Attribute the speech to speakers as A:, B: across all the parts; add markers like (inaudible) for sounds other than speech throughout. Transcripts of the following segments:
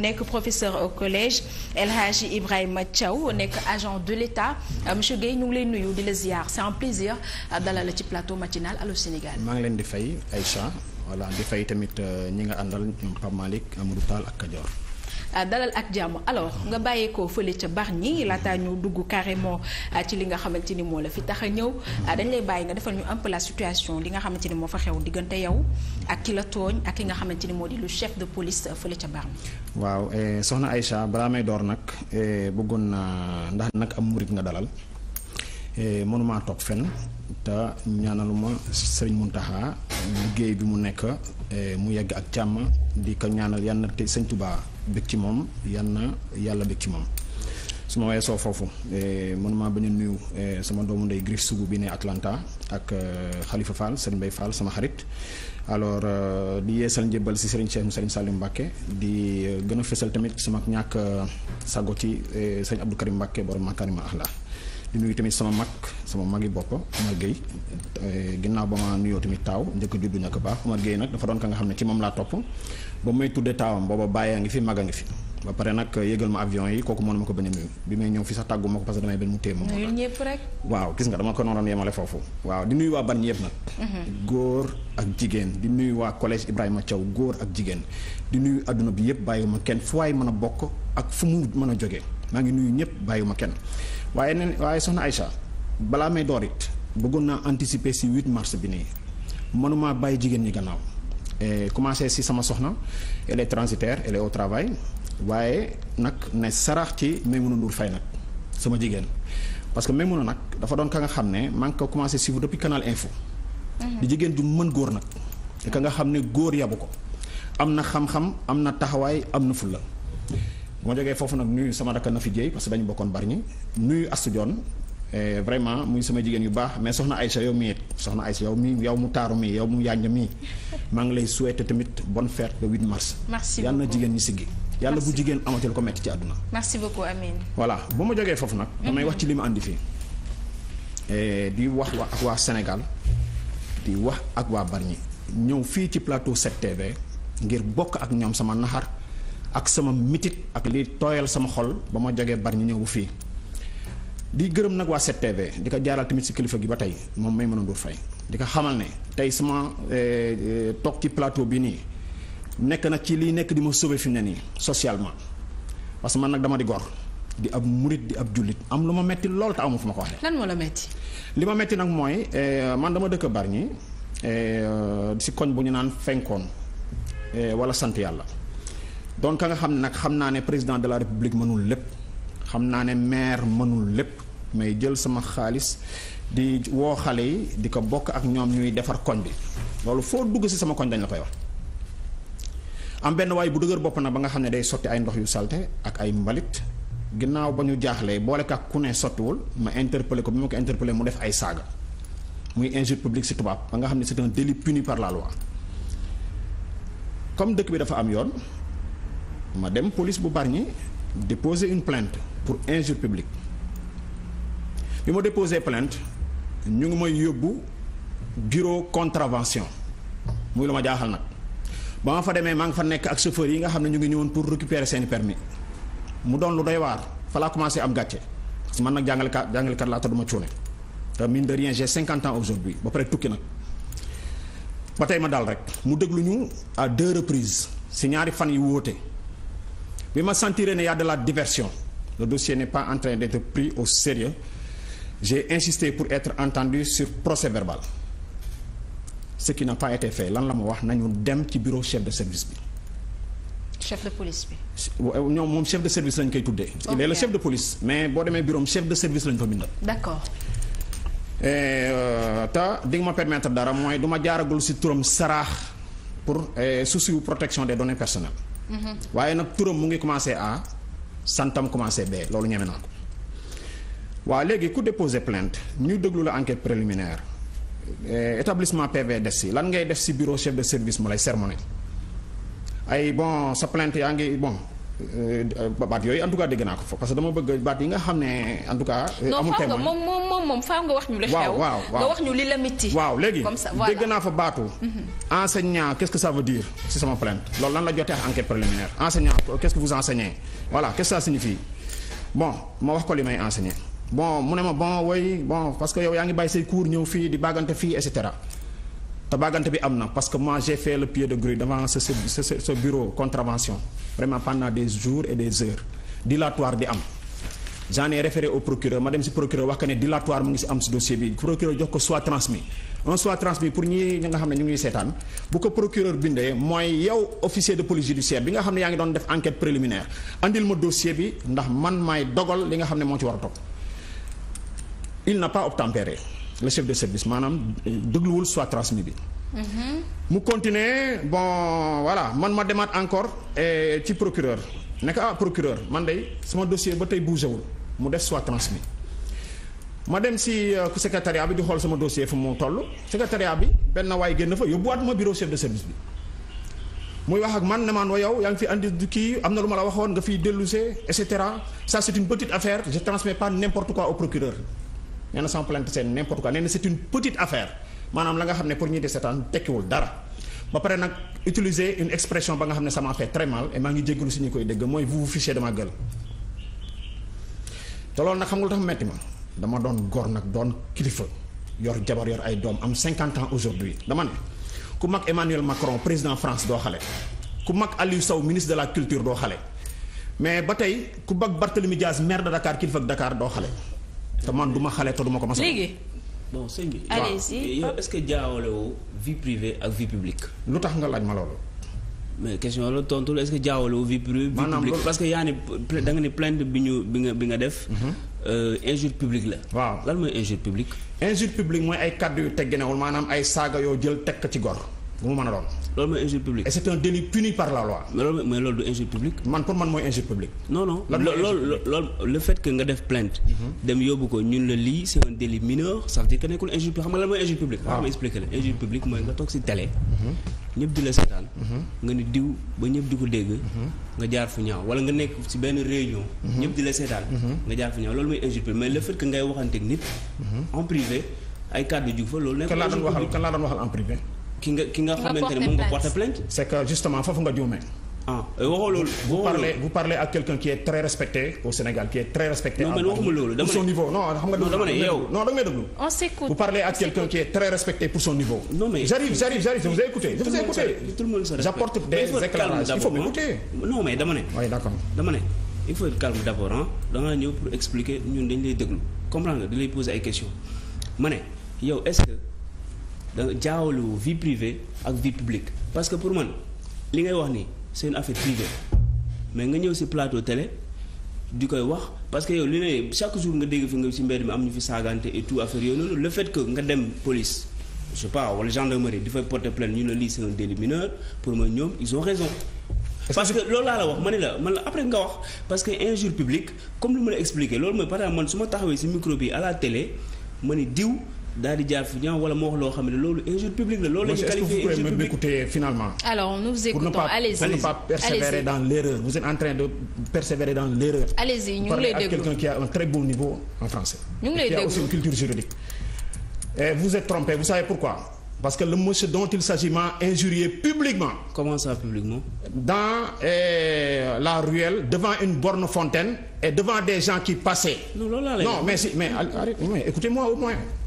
A: nekk professeur au collège El Hadji Ibrahima Thiaw nekk agent de l'État euh, monsieur Guèye ñu ngi lay nuyu di la ziar c'est un plaisir euh, dalal la ci plateau matinal Allô Sénégal.
B: maa ngi leen di fay Aïcha voilà di fay tamit euh, ñi nga àndal ñoom Pape Malick Amadou Tall ak Kadior.
A: Euh, dalal ak jàmm alors nga bàyyeekoo fële ca Bargny laataa ñu dugg carrément euh, ci li nga xamante ni moo la fi tax a ñëw euh, dañ lay bàyyi nga defal ñu un peu la situation li nga xamante ni moo fa xew diggante yow ak ki la tooñ ak ki nga ci ni moo di lu chef de police fële ca Bargny.
B: waaw eh, soxna Aïcha balaa may door nag eh, bëggoon naa ndax nag am murit nga dalal. Eh, mënumaa toog fen te ñaanaluma sëriñ Muntaxa liggéey bi mu nekk mu yegg ak jàmm di ko ñaanal yàlla na te bëgg ci moom yal na yàlla bëgg ci moom su ma soo foofu eh, man maa bañ a nuyu eh, sama doomu ndey Griff Sougou bi ne Atlanta ak eh, Khalifa Fall Serigne Mbaye Fall sama xarit alors euh, di yeesal njëbbal si Serigne Cheikh Serigne Salim Mbacke di euh, gën a fësal tamit sama ñàkk euh, sago ci Serigne Abdou Karim Mbacke borom Makarima Ahla di nuyu tamit sama mag sama magi bopp Omar Gueye eh, ginnaaw ba ma nuyoo tamit taaw njëkk juddu na ko baax Omar géey nag dafa doon ka nga xam ne ci moom laa topp ba may tudde taawam booba bàyyi a ngi fi mag a ngi fi ba pare nag yëgal ma avion yi kooku mënu ma ko bañ bi may ñëw fi sax tàggu ma ko parce que damay benn mu téye ma nuyu ñëpp rek waaw gis waaw di nuyu waa ban yëpp nag mhm. góor ak jigéen di nuyu waa collège Ibrahima Thiaw góor ak jigéen di nuyu adduna bi yëpp bàyyiwuma kenn fu waay mën a bokk ak fu mu mën a jógee maa ngi nuyu ñëpp bàyyiwuma kenn waaye neen waaye soxna Aïcha balaa may door it bëggoon naa anticiper si 8 mars bi nii mënuma bàyyi jigéen ñi gannaaw eh, commencé si sama soxna elle est transitaire elle est waaye nag ne sarax ci Maimouna Ndour Faye nag sama jigéen parce que Maimouna nag dafa doon ka nga xam ne maa ngi ko commencé suivre depuis Canal Info mhm. di jigéen ju mën góor nag ka nga xam ne góor yabu ko am na xam-xam am na taxawaay am na fulla ma jógee foofu nag nuyu sama rakk na fi jéey parce que dañu bokkoon bari ñi nuyu Astou Dione eh, vraiment muy sama jigéen yu baax mais soxna Aïcha yow mii it soxna yow mii yow mu taaru mii yow mu yànj mii (laughs) maa ngi lay souhaiter tamit bonne fête le 8 mars.
A: merci yàlla na jigéen
B: ñi siggi yàlla bu jigéen amatul ko metti ci àdduna.
A: merci beaucoup Amine.
B: voilà bu ma jógee foofu nag. damay mhm. wax ci li ma andi fii. Eh, di wax wa ak waa Sénégal di wax ak waa Bargny ñëw fii ci plateau 7TV ngir bokk ak ñoom sama naxar. ak sama mitit ak li tooyal sama xol ba ma jógee bari ñu ñëw bu fii di gërëm nag waa 7TV di ko jaaral tamit si kilifa gi ba tey moom may mën a ndur fay di ko xamal ne tey sama eh, eh, toog ci plateau bi nii nekk na ci liy nekk di ma sauver fi ne nii socialement parce que man nag dama di gor di ab murit di ab jullit am lu ma metti lool te amu fu ma ko waxee.
A: lan moo la metti.
B: li ma metti nag mooy eh, man dama dëkk Bargny si koñ bu ñu naan fenkoon wala sant yàlla. donc ka nga xam ne nag xam naa ne président de la république mënul lépp xam naa ne maire mënul lépp may jël sama xaalis di woo xale yi di ko bokk ak ñoom ñuy defar koñ bi loolu foo dugg si sama koñ dañ la koy wax am benn waaye bu dëgër bopp na ba nga xam ne day sotti ay ndox yu salte ak ay mbalit ginnaaw ba ñu jaaxlee boole ak ku ne sottiwul ma interpellé ko bi ma ko interpellé mu def ay saaga muy injure publique si tubaab ba nga xam ne c'est un délit puni par la comme dëkk bi dafa am yoon ma dem police bu bari Bargny déposer une plainte pour injure publique bi ma déposé plainte ñu ngi may yóbbu bureau contravention muy lu ma jaaxal nag ba ma fa demee maa ngi fa nekk ak chauffeur yi nga xam ne ñu ngi ñëwoon pour récupérer seeni permis mu doon lu doy waar fa laa commencé am gàcce parce que man nag jàngalekat jàngalekat laa te du ma cuune te mine de rien j'ai cinquante ans aujourd'hui ba pare tukki nag ba tey ma daal rek mu déglu ñu à deux reprises si ñaari fan yi wóote bi ma sentiré ne y de la diversion le dossier n'est pas en train d'être au sérieux j'ai insisté pour être entendu sur procès verbal ce n'a pas été fait lan la ma wax nañu dem ci bureau chef de service bi.
A: chef de police bi.
B: ñoom moom chef de service lañ koy tuddee. il est le chef de police mais boo demee bureau chef de service lañ fa bindal. d'accord. te euh, di ma permettre dara mooy du jaaragul si turam saraax pour euh, souci protection des données personnelles. waaye nag turam mu ngi commencé A santam commencé B loolu ñeme naa ko. waaw léegi ku déposé plainte ñu déglu la enquête préliminaire eh, établissement PV def si lan ngay def si bureau chef de service mu lay sermonné ay bon sa plainte yaa ngi bon. Euh, baat yooyu en tout cas dégg naa ko fa parce que dama bëgg baat yi nga xam ne en tout cas. Euh, amul témoin non
A: moom moom moom faaw nga wax ñu. li la mitti. waaw léegi dégg naa
B: fa baatu. Mhm. enseignant qu'est-ce que ça veut dire si sama plainte lool lan la jotee ak enquête préliminaire enseignant qu'est-ce que vous enseignez voilà qu'est-ce que ça bon ma wax ko li may enseigner bon mu ne ma bon woy bon parce que yow yaa ngi bàyyi say cours ñëw fii di baggante fii et te tabagante bi am na parce que moi j'ai fait le pied de grue devant ce ce ce bureau contravention vraiment pendant des jours et des heures dilatoire bi am j'en ai référé au procureur ma dem si procureur wax que ne dilatoire mu ngi si am si dossier bi procureur jox ko soit transmis un soit transmis pour ñi ñi nga xam ne ñu ngi seetaan bu ko procureur bindee mooy yow officier de police judiciaire bi nga xam ne yaa ngi doon def enquête préliminaire andil ma dossier bi ndax man maay dogal li nga xam ne moo ci war a topp n'a pas obtempéré le chef de service maanaam euh, dégluwul soit transmis bi. Mm-hmm. mu continuer bon voilà man ma demaat encore ci procureur nekk ah procureur man de sama dossier ba tey bougé wul mu def soit transmis ma dem si euh, secrétariat bi di xool sama dossier fu mu toll secrétariat bi benn waay génn fa yóbbuwaat ma bureau de service bi. muy wax ak man ne maanaam yow yaa ngi fi andi kii am na lu ma la waxoon nga fiy dellusee et cetera ça c'est une petite affaire je transmets pas n'importe quoi au nee na sans plainte c'est n'importe quoi nee na c'est une petite affaire maanaam la nga xam ne pour ñuy di seetaan tekkiwul dara ba pare nag utiliser une expression ba nga xam ne ça m'a très mal maa ngi jéggalu si ñu koy dégg mooy vous vous fichez de te loolu nag xam nga tax metti ma dama doon góor nag doon kilifa yor jabar yor ay doom am 50 ans aujourd'hui dama ne ku mag Emmanuel Macron président France doo xale ku mag Aliou Sow ministre de la culture doo xale mais ba tey ku mag Barthélemy Diaz maire de Dakar kilifa ak Dakar doo xale te man du ma
C: xale te du ma ko mos léegi bon sëñ bi. allez-y yow est que jaawale woo vie privée ak vie publique. lu tax nga laaj ma loolu. mais question la tontu la est-ce jaawale woo vie privée. maanaam publique parce que yaa ni da nga ni plainte bi ñu bi nga bi nga def. Mhm. Euh, injure publique la. waaw lan mooy injure publique. injure publique mooy ay kàddu yu tegginewul maanaam ay saaga yoo jël teg ci gor. bu mu a doon. loolu mooy injure publique. et c'est
B: un délit puni par la loi. mais loolu mais publique. man pour man mooy injure publique.
C: non loolu loolu le fait nga def plainte. Mhm. dem yóbbu ko ñun la lii c'est un délit mineur ça veut nekkul injure publique xam nga lan mooy injure publique. waaw nga toog ci télé.
D: Mhm.
C: ñëpp di la seetaan. Mhm. nga ni diw ba ñëpp di ko dégg. nga jaar fu ñaaw wala nga nekk ci benn réunion. ñëpp di la seetaan. nga jaar fu ñaaw loolu mooy injure publique
B: ki nga ki nga xamante ne mën nga porter plainte c'est que justement foofu nga juumee ah waxoo loolu. vous parlez vous parlez à quelqu'un qui est très respecté au Sénégal qui est très respecté. non man waxuma loolu dama ne pour son niveau non xam nga. non dama ne yow non danga may déglu. on s'écoute vous parlez à quelqu'un qui est très respecté pour son niveau. non mais j'arrive j'arrive j'arrive je vous ai écouté je vous ai écouté. tout
C: le monde se j'apporte des éclairages il faut m'écouter. non mais dama ne. oui d'accord dama ne il faut être calme d'abord ah danga ñëw pour expliquer ñun dañ lay déglu comprendre nga di lay poser ay questions ma ne yow est-ce que. da jaawalu vie privée ak vie publique parce que pour man li ngay wax ni c'est une affaire privée mais nga ñëw si plateau télé di koy wax parce que yow li ne chaque jour nga dégg fi nga ci mbedd mi am ñu fi saagante et tout affaire yooyu noonu le fait ko nga dem police je sais pas wala gendarmerie di fay porter plainte ñu ne lii c'est un délit mineur pour man ñoom ils ont raison parce que loolu laa la wax ma ne la man la après nga wax parce que injure publique comme lu ma la expliqué loolu par man su ma taxawee ci micro bi à la ma ni diw daal di jaar fu ñaaw wala moo wax loo xam ne loolu injure publique la loolu la ñu qualifié injure publique m'écouter finalement
A: alors nous vous écoutons allez-y pour ne pas persévérer dans
C: l'erreur vous êtes en train de
B: persévérer dans l'erreur
A: allez-y ñu ngi lay déglu quelqu'un
B: qui a un très bon niveau en français culture juridique vous êtes trompé vous savez pourquoi parce que le monsieur dont il s'agit m'a injurié publiquement comment ça publiquement eh, la ruelle devant une borne fontaine et devant des mais si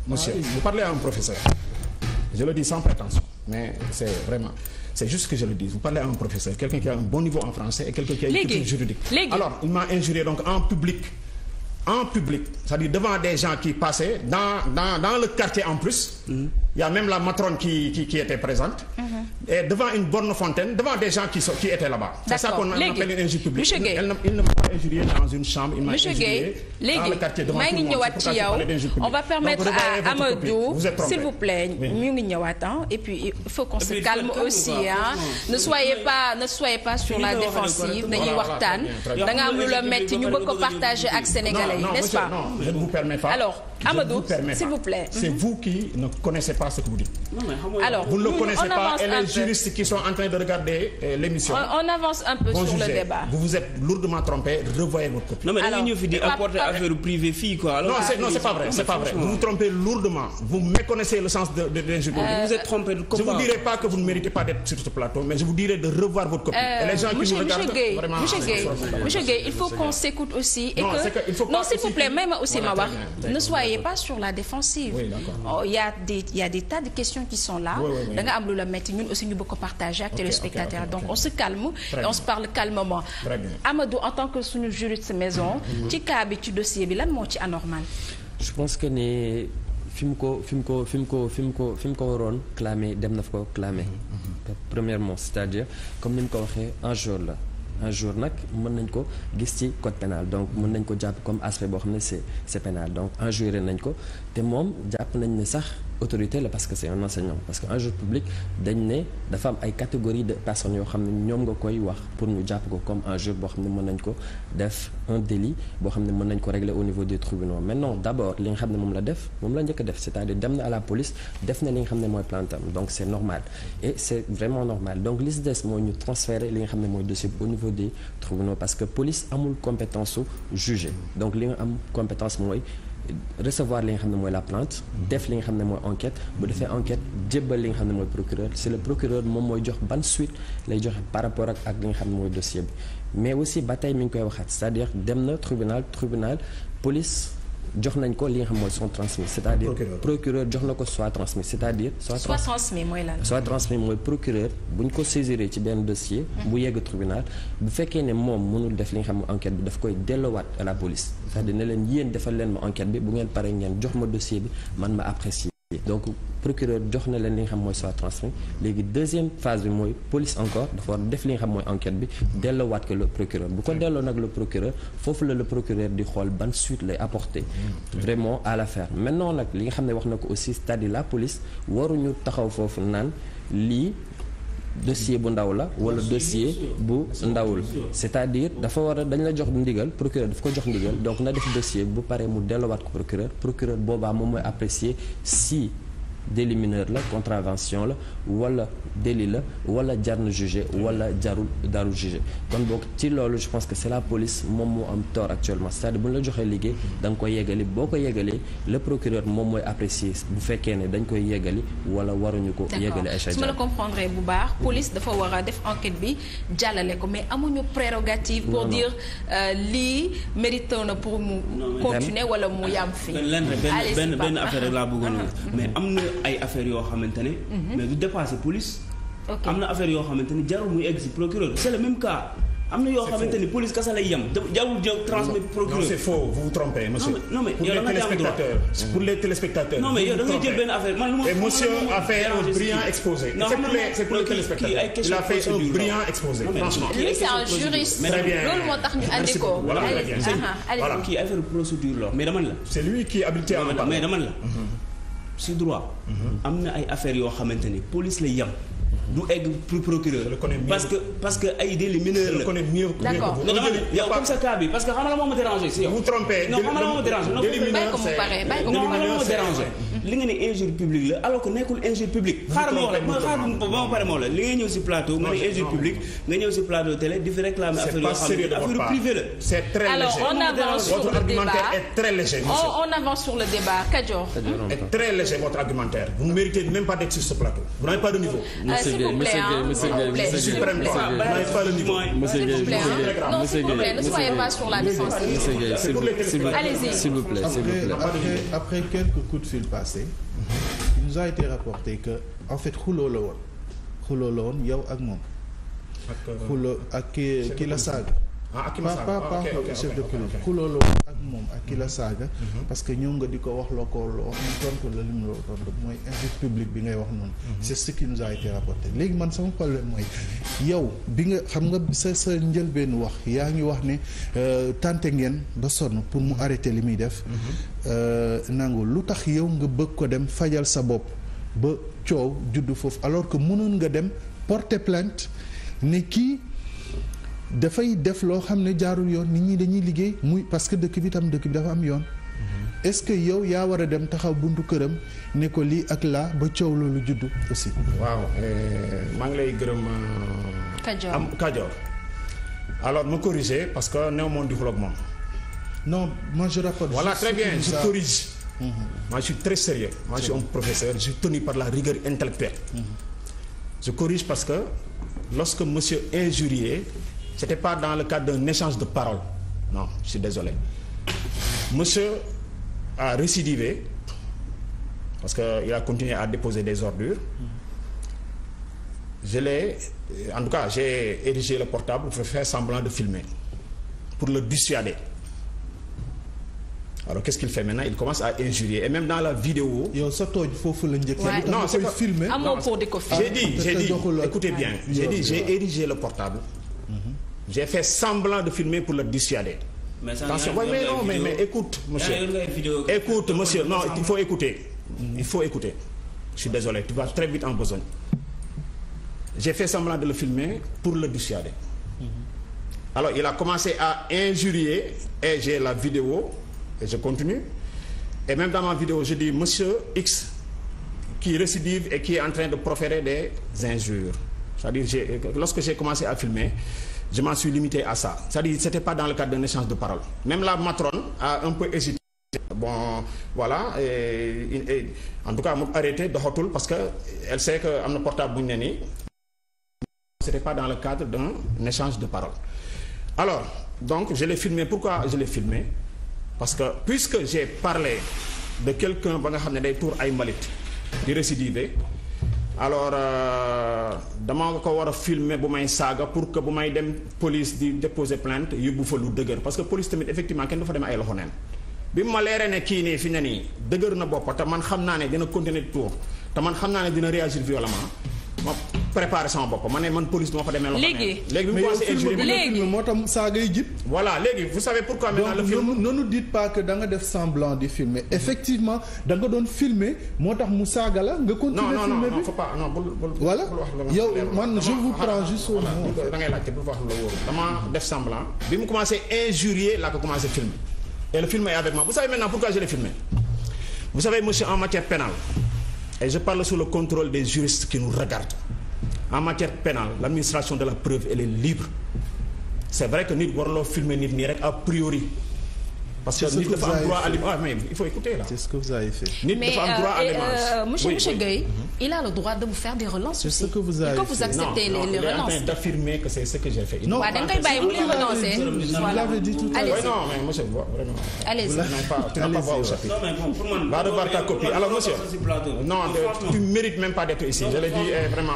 B: monsieur ah vous parlez à un professeur je le dis sans prétention mais c'est vraiment c'est juste que je le dis vous parlez à un professeur quelqu'un qui a un bon niveau en français et quelqu'un qui a une juridique alors il m'a injurié donc en public en public c'est-à-dire devant des gens qui passaient dans dans dans le quartier en plus mmh. Il y même la matrone qui, était présente.
E: Mhm.
B: devant une borne fontaine, devant des gens qui, étaient là-bas. C'est ça Monsieur Gueye. Il ne m'a pas injurié dans une chambre, il m'a injurié
A: Gueye. dans le quartier devant tout le monde. On va permettre Donc, à Amadou, s'il vous plaît, Ne, soyez pas, ne soyez pas sur la défensive. N'ayez Wartan. Nous le mettre, nous pouvons partager avec Sénégalais, n'est-ce pas Non, ne
B: vous permets pas. Amadou s'il vous plaît. c'est mhm. vous qui ne connaissez pas ce que vous dites.
A: alors vous ne le connaissez pas et les juristes
B: qui sont en train de regarder euh, l'émission. on
A: avance un peu sur le débat.
B: vous vous êtes lourdement trompé revoyez votre copie. non mais ah, non ah, c'est pas vrai vous vous trompez lourdement vous méconnaissez le sens de de je vous dirai pas que vous ne méritez pas d'être sur ce plateau mais je vous dirai de revoir votre copie. et les euh,
A: gens e pas sur la défensive. oui d'accord oh, il y a des il de questions qui sont là. da am lu la métti ñun aussi ñu bëgg ko partager ak téléspectateurs donc on se calme. et on se parle calmement. Amadou en tant que suñu juriste maison. ci cas bi ci dossier bi lan moo ci anormal.
D: je pense que ne fi mu ko fi mu ko fi mu ko fi mu ko fi mu ko waroon clamer dem na fa ko clamer. Mhm, mhm. premièrement cest à comme ni mu ko waxee un jour la. un jour nag mën nañ ko gis ci code pénal donc mën nañ ko jàpp comme aspect boo xam ne c'est c'est pénal donc injurié nañ ko te moom jàpp nañ ne sax autorité la parce que c'est un enseignant parce que enjeu public dañ ne dafa am ay catégorie de personnes yoo xam ne ñoom nga koy wax pour ñu jàpp ko comme enjeu boo xam ne mën nañ ko def un délit boo xam ne mën nañ ko régler au niveau des tribunaux maintenant d'abord li nga xam ne moom la def moom la njëkk a def c'est-à-dire dem na à la police def na li nga xam ne mooy plaintam donc c'est normal et c'est vraiment normal donc li si des mooy ñu transférer li nga ne mooy dossier au niveau des tribunaux parce que police amul compétence su juger donc am compétence mooy recevoir li nga xam ne mooy la plainte def li nga xam ne mooy enquête bu defee enquête jébbal li nga xam ne mooy procureur c'est le procureur moom mooy jox ban suite lay joxe par rapport ak ak li nga xam ne mooy dossier bi mais aussi ba tey mi ngi koy waxaat cest à dem na tribunal tribunal police jox nañ ko li nga xam mooy sont transmis c'est-à-dire procureur jox na ko soit transmis c'est-à-dire soit transmis mooy procureur bu ñu ko saisiré ci benn dossier bu yegg tribunal bu fekkee ne moom mënul def li nga xam ne enquête bi daf koy dellowaat la police c'est-à-dire ne leen yéen defal leen ma enquête bi bu ngeen paree ngeen jox ma dossier bi man ma apprécier donc procureur jox na leen li nga xam mooy soit transmis léegi deuxième phase bi mooy police encore dafa war def li nga xam mooy enquête bi delloowaat ko le procureur bu ko delloo nag le procureur foofu la le procureur di xool ban suite lay apporter mm. vraiment à l'affaire maintenant nag li nga xam ne wax na ko aussi c'est-à-dire la police waruñu taxaw foofu naan lii dossier bu ndaw la wala dossier bu ndawul c'est-à-dire dafa war a dañ la jox ndigal procureur daf ko jox ndigal donc na def dossier bu pare mu dellowaat ko procureur procureur boobaa moom mooy apprécier si délit la contravention la walla délit la wala jar na jugé wala jarul darul jugé kon boog ci loolu je pense que c'est la police moom moo am tort actuellement c'est-à-dire bu ñu la joxee liggéey danga nga koy yeggali boo ko yeggalee le procureur moom mooy apprécier bu fekkee ne dañ koy yeggali wala waruñu ko yeggali ay su ma la
A: bu baax police dafa war a def enquête bi jàllale ko mais amuñu prérogative pour dire euh, lii mérite na pour mu continuer wala mu yam fii benn benn affaire laa
C: (laughs) yëpp ay affaires yoo xamante mhm. mais du dépasser police. am na affaire yoo xamante jarul muy egg si procureur c'est le même am na yoo xamante police kasa lay yem. jarul jël transmettre procureur. non c'est faux vous vous trompez monsieur. non mais mm. yow da nga jàmm non mais yow da jël benn affaire man lu ma. et monsieur a fait un a fait loolu
A: moo tax ñu andi ko.
C: kii affaire procédure la mais dama la. mais dama la. Mhm. ci droit. Mm-hmm. am na ay affaires yoo xamante ni police la yem. du egg procureur parce que parce que ay délits la d'accord non dama yow comme sa cas bi parce que xam nga la moo ma dérangé si yow vous trompez non xam nga la moo ma dérangé non xam nga la moo dérangé li nga ne injure publique la alors que nekkul injure publique xaaral ma la xaaral ba ma la li nga ñëw si plateau nga ne injure publique nga ñëw si plateau télé di fi réclamer affaire yoo xam privée la
A: alors
B: on avance
A: s'il vous plaît monsieur Gueye monsieur vous plaît
C: après
E: quelques coups de fil passés il nous a été rapporté que en fait xuloo la woon xuloo la woon yow ak moom xuloo ak ki ki la saaga ah ak ah, chef de ak moom ak ki la mhm. parce que ñëw nga di ko wax loo ko loo tontu la lim loo tontu mooy insulte publique bi ngay wax noonu. Mhm. c'est ce qui nous a léegi man sama problème mooy yow bi nga xam nga sa njëlbeenu wax yaa ngi wax ne euh, tante ngeen ba sonn pour mu mhm. arrêter li muy def. Euh, nangu lu tax yow nga bëgg ko dem fajal sa bopp ba coow juddu foofu alors que mënoon nga dem porter plainte ne kii. dafay def loo xam ne jaarul yoon nit ñi dañuy liggéey muy parce que dëkk bi tam dëkk bi dafa am yoon. Mm-hmm. est-ce que yow yaa war a dem taxaw buntu këram ne ko lii ak laa ba coow loolu juddu aussi. waaw eh, maa ngi lay
B: gërëm. Euh, Kajoor am ma corriger parce que néew moom di xulóog moom. non
E: moi je rapporte. voilà très bien je corrige. Mm -hmm.
B: moi sérieux moi je suis professeur je suis tenu par la rigueur intellectuelle.
E: Mm -hmm.
B: je corrige parce que lorsque monsieur injurié c'était pas dans le cadre d'un échange de parole non je suis désolé monsieur a récidivé parce que il a continué à déposer des ordures je l'ai en tout cas j'ai érigé le portable pour faire semblant de filmer pour le dissuader alors qu'est-ce qu'il fait maintenant il commence à injurier et même dans la vidéo yow sa tooj foofu la njëkk non c'est filmé amoo pour di ko filmer j'ai dit j'ai dit écoutez bien j'ai dit j'ai érigé le portable j'ai fait semblant de filmer pour le dissuader.
C: mais attention ouais, mais non mais mais écoute
B: monsieur. écoute monsieur non il faut écouter. il faut écouter. je désolé tu vas très vite en besogne. j'ai fait semblant de le filmer pour le dissuader. Mhm. alors il a commencé à injurier et j'ai la vidéo et je continue et même dans ma vidéo je dis monsieur X qui récidive et qui est en train de proférer des injures c'est-à-dire j'ai lorsque j'ai commencé à filmer. je m'en suis limité à ça c'est-à-dire c'était pas dans le cadre d'un échange de parole même la matrone un peu hésité bon voilà en tout cas mu arrêté doxatul parce que elle sait que am na portable bu ñu ne nii c'était pas dans le cadre d'un échange de parole alors donc je les filmé pourquoi je l'ai filmé parce que puisque j'ai parlé de quelqu'un ba nga xam ne day tuur ay mbalit di récidiver alors euh, dama ko war a filmer bu may saaga pour que bu may dem police di déposer plainte yóbbu fa lu dëgër parce que police tamit effectivement kenn du fa ay loxo neen bi mu ma leeree ne kii nii fi ne nii dëgër na bopp te man xam naa ne dina continuer di te man xam naa ne dina réagir violemment préparer sama bopp ma ne man police
E: du fa demee. loo moo tax saa ngay jib.
B: voilà léegi vous savez pourquoi maintenant le
E: film. donc nga def semblant di filmer mhm. effectivement da nga doon filmer moo tax mu saaga la nga continuer filmer bi non non non yow man je vous prends juste
B: def semblant. bi mu commencé injurier laa ko commencé filmer et le film est avec moi vous savez maintenant pourquoi je l'ai filmé vous savez en matière pénale et je parle sous le contrôle des juristes qui nous regardent. en matière pénale l' de la preuve elle est libre c' est vrai que nit loo filmer nit nii rek a priori parce que nit dafa am droit à l'image
E: mais il faut écouter là. que vous
B: avez fait. nit dafa am droit à euh, l'image euh, monsieur monsieur Gueye. Mhm.
A: il a le droit vous faire des relances. que vous
B: acceptez les relances. que
A: vous l'avez dit tout à l'heure non
B: mais monsieur copie alors monsieur. non tu mérites même pas d'être ici je dit eh, vraiment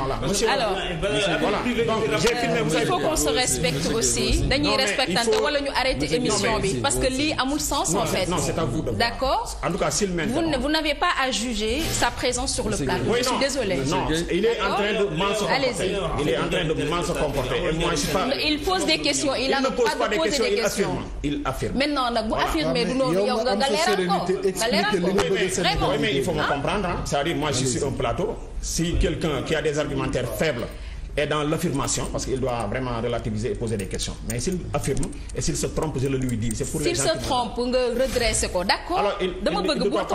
B: il faut qu'on se respecte aussi
A: dañuy respectante wala ñu arrêter émission bi parce que lii aucun sens non, en fait. Non, c'est à vous de D'accord
B: En tout cas, s'il mène.
C: Vous,
A: vous n'avez pas à juger sa présence sur le plateau. Oui, je suis désolé. Non, il est en train de mal se comporter. Il est en
B: train de mal se comporter. Et moi, je suis pas...
A: Il pose des questions. Il n'a pas de poser des questions.
B: Il affirme. Maintenant, nag bu affirmer ah, du noonu yow nga leeral ko
A: nga leeral ko vraiment. Oui, mais il faut me
B: comprendre. C'est-à-dire, moi, je suis un plateau. Si quelqu'un qui a des argumentaires faibles et dans l'affirmation parce qu'il doit vraiment relativiser et poser des questions mais s'il affirme et s'il se trompe je le lui dis s'il se trompe
A: nga redressé ko d'accord dama bëgg bu nga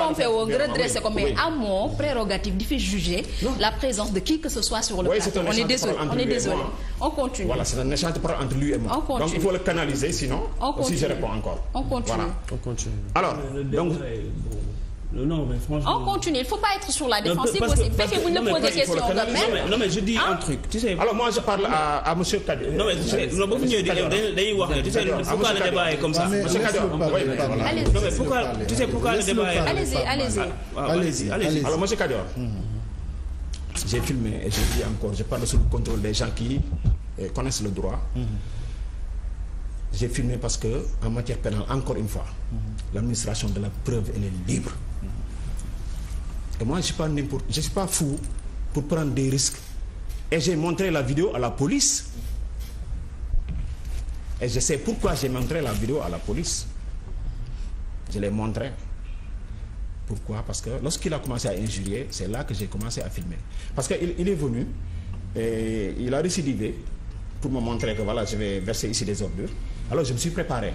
A: redressé ko mais amoo prérogative di fi juger la présence de qui que ce soit sur le plateau on est désolé on est voilà c'est
B: un échange de entre lui et moi donc il faut le canaliser sinon
C: on continue alors donc non mais je dis un
B: truc. je parle à monsieur Kadi. non mais non boo ko ñëwee dañuy le débat est comme ça. monsieur Kadi non mais pourquoi tu sais pourquoi le débat est. allez-y ah, ah, ah, monsieur Kadi. j'ai filmé et je dis encore je parle sous le contrôle des gens qui eh, connaissent le droit. j'ai filmé parce que en matière pénale encore une fois.
E: Mm-hmm.
B: l'administration de la preuve elle est libre. Et moi, je suis pas n'importe, je suis pas fou pour prendre des risques. Et j'ai montré la vidéo à la police. Et je sais pourquoi j'ai montré la vidéo à la police. Je l'ai montré. Pourquoi? Parce que lorsqu'il a commencé à injurier, c'est là que j'ai commencé à filmer. Parce qu'il il est venu et il a décidé pour me montrer que voilà, je vais verser ici des ordures. Alors je me suis préparé.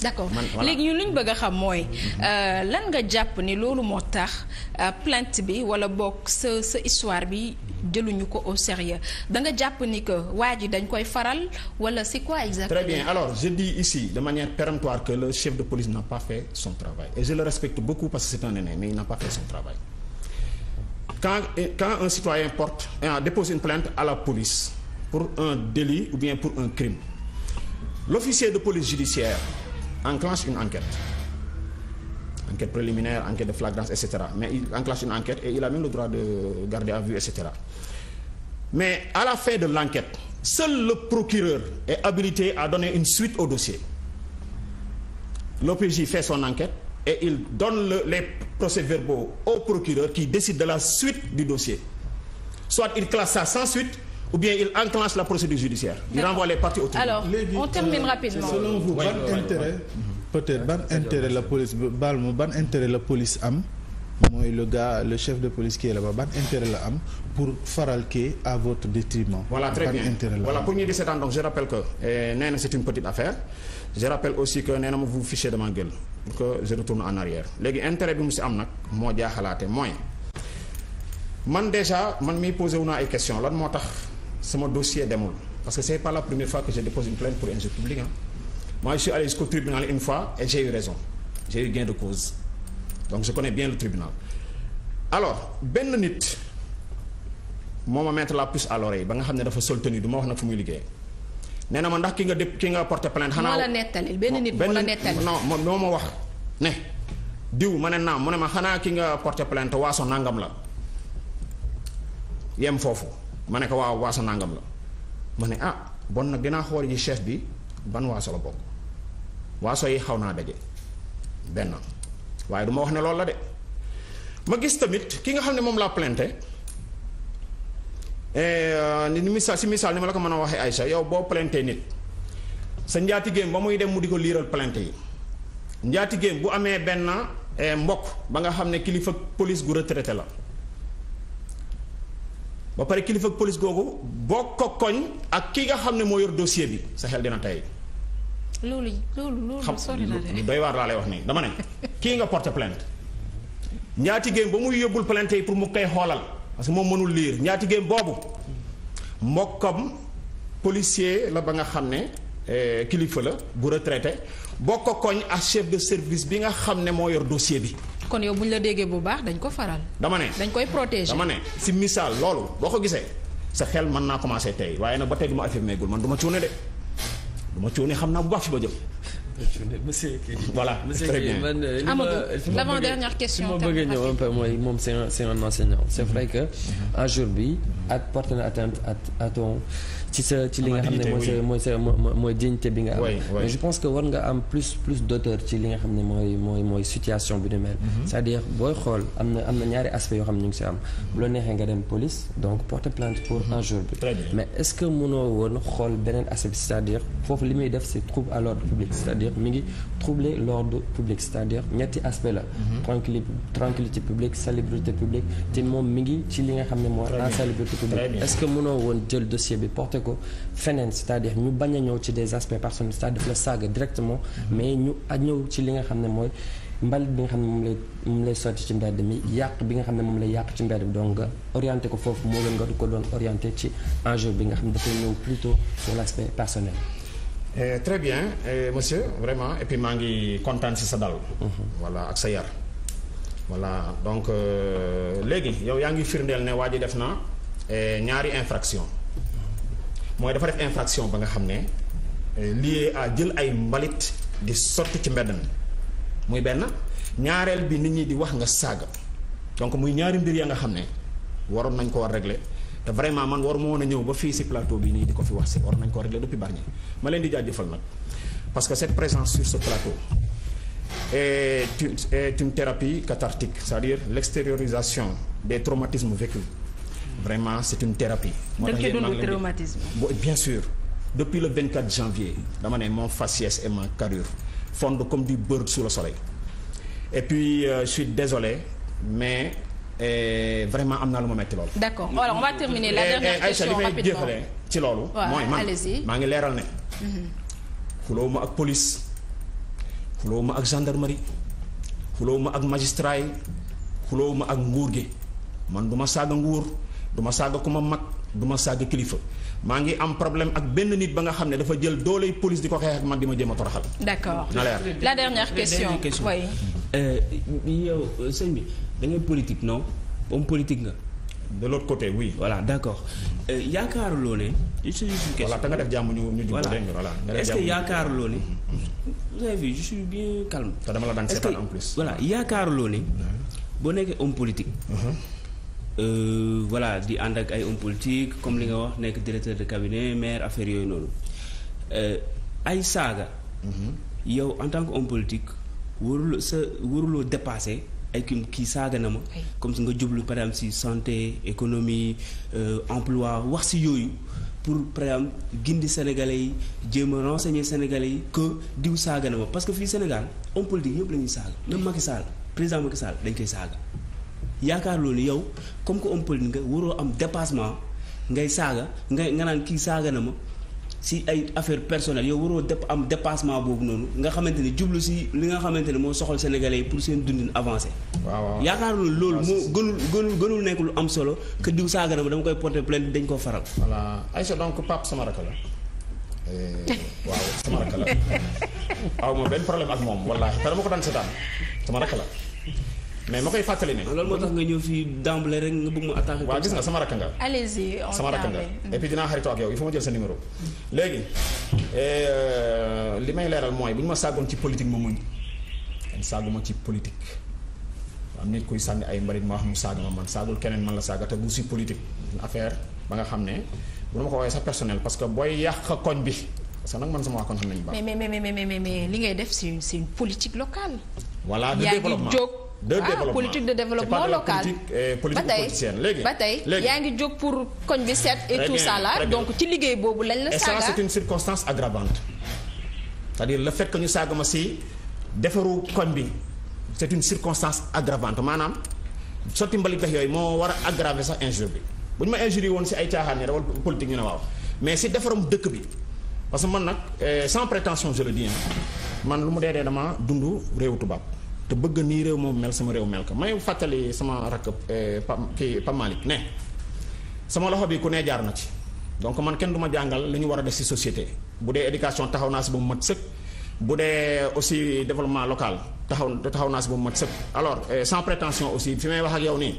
A: d'accord léegi ñun lu ñu bëgg a xam mooy euh, lan nga jàpp ni loolu moo tax euh, plainte bi wala boog sa sa histoire bi jëluñu ko au sérieux da nga jàpp ni que waa ji dañ koy faral wala c'est quoi exactement. très bien
B: alors je dis ici de manière péremptoire que le chef de police n'a pas fait son travail et je le respecte beaucoup parce que c'est un aîné mais il n'a pas fait son travail quand quand un citoyen porte dépose une plainte à la police pour un délit ou bien pour un crime l'officier de police judiciaire enclenche une enquête enquête préliminaire enquête de flagrance et mais il enclenche une enquête et il a même le droit de garder à vue et mais à la fin de l'enquête seul le procureur et habilité à donner une suite au dossier l'OPJ fait son enquête et il donne le, les procès-verbaux au procureur qui décide de la suite du dossier soit il classe sans suite ou bien il enclenche la procédure judiciaire. il renvoie les parties au tribunal.
A: alors Lévi, on termine rapidement
E: ban mhm. intérêt la police baal ma ban intérêt la police am. mooy le gars le chef de police qui est là ban intérêt la am pour faral kii à votre détriment. voilà très bien voilà pour
B: ñu di seetaan donc je rappelle que eh, nee na c'est une petite affaire je rappelle aussi que nee na ma vous fichez de ma gueule pour que je retourne en arrière léegi intérêt bi mu si am nag moo jaaxalaate mooy man déjà man mi posé wu naa ay question lan moo tax. sama dossier demul parce que c'est pas la première fois que je dépose une plainte pour injure publique ah moi je suis allé tribunal une fois et j'ai eu de cause donc je connais bien le tribunal alors benn nit moo ma mettre la puce à yi ba nga xam ne dafa sol tenue wax nag fu muy liggéey nee na ma ndax ki nga dép ki nga porté plainte xanaa moo la
A: nettalil benn nit moo la nettalil non moo ma wax
B: ne diw ma ne naa mu ne ma xanaa ki nga porté plainte waaso nangam la foofu ma ne ko waaw waaso nangam la ma ne ah bon nag dinaa xool ji chef bi ban waaso la bokk waaso yi xaw naa daje benn waaye du wax ne loolu la de ma gis tamit ki nga xam ne moom laa plainte eh, ni misaal si misaal ni ma la ko mën a waxee Aïcha yow boo plainte nit sa njaatigéem ba muy dem mu di ko liiral plainte yi njaatigéem bu amee benn eh, mbokk ba nga xam ne kilifa police gu retraité la ba pare kilifa police googu boo ko koñ ak ki nga xam ne moo yor dossier bi sa xel dina tey.
A: loolu loolu loolu sori na de
B: doy waar laa lay wax nii dama ne kii nga porté plainte ñaati géem ba muy yóbbul plainte yi pour mu koy xoolal parce que moom mënul liir ñaati géem boobu mbokkam policier la ba nga xam ne eh, kilifa la bu retraité boo ko koñ ak chef de service bi nga xam ne moo yor dossier bi.
A: kon yow bu ñu la déggee bu baax dañ ko faral. dama ne dañ koy protéger. dama ne
B: si misaal loolu boo ko gisee sa xel mën naa commencé tey waaye nag ba tey du ma affirmé man du ma cuune de du ma cuune xam naa bu baax fi ba jëm.
D: monsieur voilà monsieur Guèye man li ma lavant bëggee ñëw moom se un enseignant. c'est mhm. vrai que mhm. un jour bi ak porté na atteinte à ton ci sa ci li nga xam ne mooy sa mooy sa mooy dignité bi nga am. mais je pense que war nga am plus plus d'auteur ci li nga xam ne mooy mooy mooy situation bi du mel. Mhm. cest dire booy xool am na am na ñaari aspects yoo xam ne ñu ngi si am. bu la neexee nga dem police donc porter plainte pour un bi. mais est-ce que mënoo woon xool beneen aspect c'est-à-dire foofu li muy def si trouble à l'ordre public cest mi ngi troubler l'ordre public c'est-à-dire ñetti aspect la mhm. tranquillité tranquillité publique salubrité publique te moom mi ngi ci li nga xam ne mooy insalubrité publique est-ce que mënoo woon jël dossier bi porter ko feneen cest à ñu bañ a ñëw ci des aspects personnels c'est-à-dire daf mhm. mais ñu ñëw ci li nga xam ne mooy mbalit bi nga xam ne moom lay moom lay sotti ci mbedd mi yàq bi nga xam ne moom lay yàq ci mbedd bi donc nga orienté ko foofu moo gën nga ko doon orienté ci enjeu bi nga xam ne dafay ñëw plutôt sur l'aspect personnel
B: Eh, très bien eh, monsieur vraiment et puis maa ngi kontaan si sa dal. voilà ak sa yar. voilà donc euh, léegi yow yaa ngi firndeel ne waa ji def na eh, ñaari eh, infraction mooy dafa def infraction ba nga xam ne eh, lié à jël ay mbalit di sotti ci mbedd mi muy benn ñaareel bi nit ñi di wax nga saaga donc muy ñaari mbir ya nga xam ne waroon nañ ko war régler te vraiment man waruma woon a ñëw ba fii si plateau bi nii di ko fi wax si war nañ ko régler depuis Bargny ma leen di jaajëfal nag parce que cette présence sur ce plateau est une est une thérapie cathartique c'est-à-dire l'extériorisation des traumatismes vécus vraiment c'est une thérapie. moo tax yéen traumatisme. bien sûr depuis le 24 janvier dama ne mon faciès et ma carrure fondent comme du beurre sous le soleil et puis euh, désolé mais. et euh, vraiment am naa lu ma metti loolu.
A: d'accord alors on va terminer eh, eh, li may jeexalee
B: ci loolu. mooy maa ngi leeral ne. xuloo ak police xuloo ma ak gendarmerie xuloo ma ak magistrat yi xuloo ak nguur gi man duma ma saaga nguur duma ma saaga ku ma mag duma saaga kilifa. maa ngi am problème ak benn nit ba nga xam ne dafa jël dooley police di ko xeex ak man di ma jéem a toroxal.
A: d'accord na leer la dernière question oui.
C: Euh, yow sëñ bi da ngay politique non homme politique nga. de l'autre côté oui. voilà d'accord euh, yaakaaruloo ne. je suis voilà nga def jàmm ñu ñu voilà est-ce que yaakaaruloo ne. vous avez dama daan seetaan en plus. voilà yaakaaruloo ne boo nekkee homme politique. Uh-huh. Euh, voilà di ànd ak ay hommes politiques comme li nga wax nekk directeur de cabinet maire affaire yooyu noonu euh, ay saaga. Mhm. yow en tant que homme politique warul sa waruloo dépasser ay ki kii saaga na ma. comme si nga jublu par si santé économie euh, emploi wax si yooyu. pour par exemple gindi sénégalais yi jéem a renseigner sénégalais yi que diw saaga na ma parce que fii Sénégal homme politique yëpp la ñuy saaga même Macky Sall président Macky Sall dañ koy saaga. yaakaar loolu yow comme que homme politique nga waroo am dépassement ngay saaga ngay nga naan kii saaga na ma si ay affaire personnelle yow waroo dep am dépassement boobu noonu nga xamante ne jublu si li nga xamante ne moo soxal sénégalais pour seen dundin avancé. waaw yaakaar loolu ah, loolu moo gënul gënul gënul nekk lu am solo que diw saaga na ma dama koy porter plainte dañ koo faral. voilà Aïcha donc Pape sama rakk eh,
E: waaw sama rakk la
B: (laughs) aw ma benn problème ak moom wallaahi te dama ko daan seetaan sama rakk la. mais ma koy fàttali ne. loolu moo tax nga ñëw fii d'emblée rek nga bëgg mu attaqué. waaw gis nga sama rakk nga.
A: allez-y on sama rakk nga et
B: puis dinaa xaritoo ak yow il faut ma jël sa numéro. léegi euh, li may leeral mooy bu ñu ma sàggoon ci politique ma muñ. kenn ci politique am nit kuy sànni ay mbalit ma wax mu sàgg ma man sàggul keneen man la sàgga te bu si politique affaire ba nga xam ne bu ma ko woowee sa personnel parce que booy yàq koñ bi. parce que nag man sama wax kon xam nañu baax.
A: mais mais mais mais li ngay def c'est une c'est une politique locale.
B: de ah, développement politique de
A: développement local
B: euh, ba tey ba tey yaa
A: ngi jóg pour koñ bi seet et tout donc ci liggéey boobu lañ la saaga et ça c'est
B: une circonstance aggravante c'est-à-dire le ñu saaga ma si defaru koñ bi c'est une circonstance aggravante maanaam sotti mbalit tax yooyu moo war a sax injure bi bu ñu ma injurier woon si ay caaxaan ni rawal politique ñu ne waaw mais si defarum dëkk bi parce que man nag euh, sans prétention je le dis man lu mu dee dee dama dundu réewu tubaab te bëgg nii réew moom mel sama réew mel ko may fàttali sama rakk eh, Pam kii Pam Malick ne sama loxo bi ku nee jaar na ci donc man kenn du ma jàngal li ñu war a def si société bu dee éducation taxaw naa si ba mu mat sëkk bu dee aussi développement local taxaw taxaw naa si ba mu mat sëkk alors eh, sans prétention aussi fi may wax ak yow nii.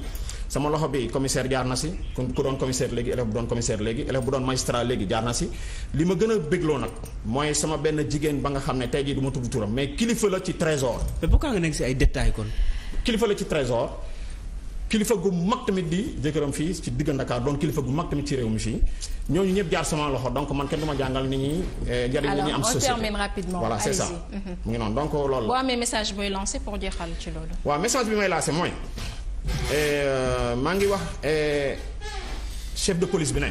B: sama loxo bi commissaire jaar na si ku doon commissaire léegi élève bu doon commissaire léegi élève bu doon magistrat léegi jaar na si li ma gën a bégloo nag mooy sama benn jigéen ba nga xam ne tey jii du ma tudd turam mais kilifa la ci trésor mais pourquoi nga nekk si ay détails kon kilifa la ci trésor kilifa gu mag tamit di jëkkëram fii ci digg Ndakaar doon kilifa gu mag tamit ci réew mi fii ñooñu ñëpp jaar sama loxo donc man kenn du ma jàngal ni eh, la boo
A: amee message booy lancé pour jeexal ci loolu
B: waaw message bi may lancé mooy Euh, maa ngi wax euh, chef de police bi ne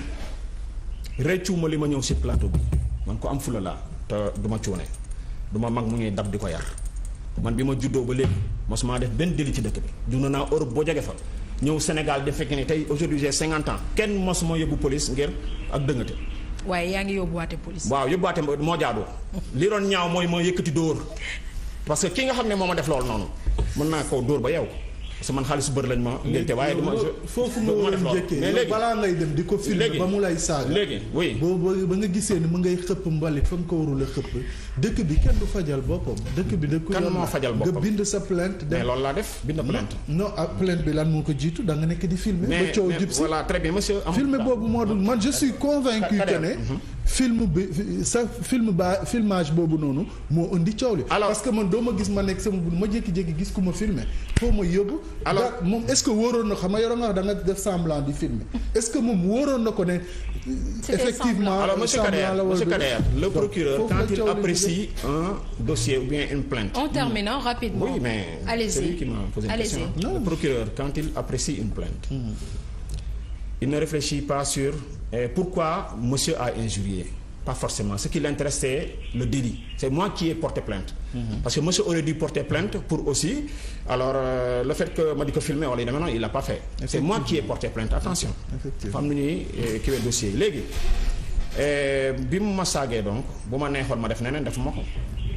B: rëccuwuma li ma ñëw si plateau bi man ko am fula laa te du ma cuune du mag mu ñuy dab di ko yar man bi ma juddoo ba léegi maa def benn délit ci dëkk bi dund naa Europe boo jege fa ñëw Sénégal di fekk ni tey aujourd'hui j'ai cinquante ans kenn mosuma yóbbu police ak dëngate.
A: waaye yaa ngi yóbbuwaate police.
B: waaw yóbbuwaate moo jaadu. li doon ñaaw mooy ma yëkkati dóor parce que ki nga xam ne moo ma def loolu noonu mën naa koo dóor ba yow. sa man xaalisu bëri lañ ma ngénte waaye dama
E: foofu nga war a njëkkee mais balaa ngay dem di ko filmer ba mu lay saaga léegi oui boobu ba nga gisee ni mu ngay xëpp mbalit fa nga ko warul a xëpp dëkk bi kenn du fajal boppam dëkk bi dëkk kan moo fajal boppam nga bind sa plainte mais loolu
B: laa def bind plainte
E: non ak ah, plainte bi lan moo ko jiitu da nga nekk di filmer ba coow jib si boobu moo dul man je convaincu que film bi sa film ba filmage boobu noonu moo indi coow li. parce que man doo ma gis ma nekk sama bu ma jékki-jékki gis ku ma filmé foo ma yóbbu. alors moom est-ce que wóoroon na xam nga yoroon nga da def semblant di filmer est-ce que moom wóoroon na ko ne.
A: effectivement
E: alors
B: monsieur Kader monsieur Kader le procureur quand il apprécie un dossier ou bien une plainte. en
A: terminant rapidement.
B: mais c'est lui qui m'a posé une question. le procureur quand il apprécie une plainte. Hmm. il Et pourquoi monsieur a injurié Pas forcément. Ce qui l'intéresse, c'est le délit. C'est moi qui ai porté plainte. Mhm. Parce que monsieur aurait dû porter plainte pour aussi. Alors, euh, le fait que Madiko filmé, on l'a dit maintenant, il l'a pas fait. C'est moi qui ai porté plainte. Attention. Femme euh, qui est le dossier. Légui. Euh, bi mu ma saagee donc bu ma neexoon ma def neneen defuma ko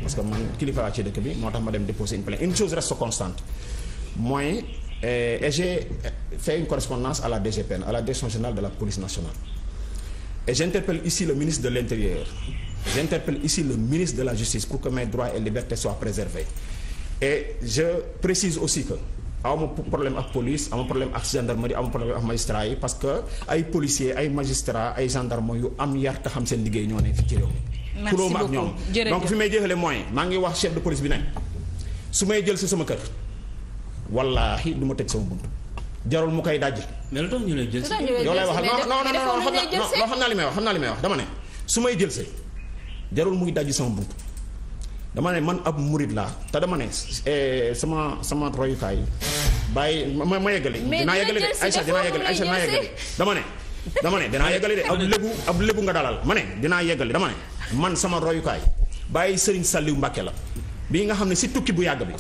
B: parce que man kilifa ci dëkk bi moo tax ma dem déposer une plainte une chose reste constante mooy euh, et j'ai fait une correspondance à la DGPN à la direction générale la police Et j'interpelle ici le ministre de l'Intérieur. J'interpelle ici le ministre de la Justice pour que mes droits et libertés soient préservés. Et je précise aussi que awma problème ak police awma problème ak gendarmerie awma problème ak magistrat yi parce que ay policiers ay magistrats ay gendarmes yu am yar te xam seen liggéey ñoo ne fi ci réew
E: mi kuróoma ak ñoom donc fi may
B: jeexale moyen maa ngi wax chef de police bi ne su may jël si sama kër wallaahi du ma tëj sama bunt jarul mu koy daj. mais lu tax ñu lay jël si. yow lay wax non non non xam naa xam naa li may wax xam naa li may wax dama ne su may jël si jarul muy daj sama bunt dama ne man ab murit laa te dama ne sama sama royukaay bàyyi ma ma yeggale. dinaa yeggale de Aïcha dinaa yeggale Aïcha dinaa yeggale dama ne. dama ne dinaa yeggale de ab lébu ab lébu nga dalal ma ne dinaa yeggale dama ne man sama royukaay bàyyi Serigne Saliou Mbacké la bii nga xam ne si tukki bu yàgg bi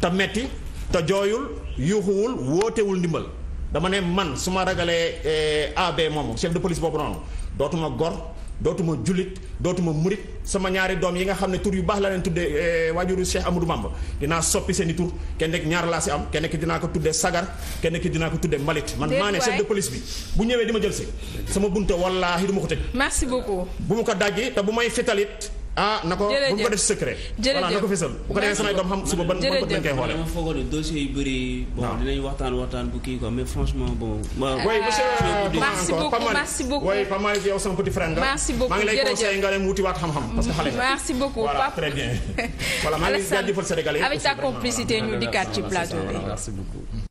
B: te metti te jooyul yuuxuwul wóotewul ndimbal dama ne man su ma ragalee eh, ab moom chef de police boobu noonu dootuma gor dootuma jullit dootuma murit sama ñaari doom yi nga xam ne tur yu baax la leen tuddee eh, waajuru Cheikh Amadou Bamba dinaa soppi seen i tur kenn ki ñaar laa si am kenn ki dinaa ko tuddee sagar kenn ki dinaa ko tuddee mbalit man maa ne de police bi bu ñëwee di ma jël si sama bunte wallaahi du ma ko tëj merci beaucoup bu ma ko dajji te bu may fitalit ah na ko bu ñu ko def secret.
C: jërëjëf voilà bu ko defee samay doom xam suba ban ban bët lañ koy xoolee. dama foogoon ne dossier yu bëri. bon dinañ waxtaan waxtaan bu kii quoi franchement bon. Euh, oui monsieur. merci yow sama petit frère nga. maa ngi lay conseillé nga dem wuti waat xam-xam. parce xale maa
D: ngi jaajëfal Sénégalais avec ta complicité ñu dikkaat ci plateau bi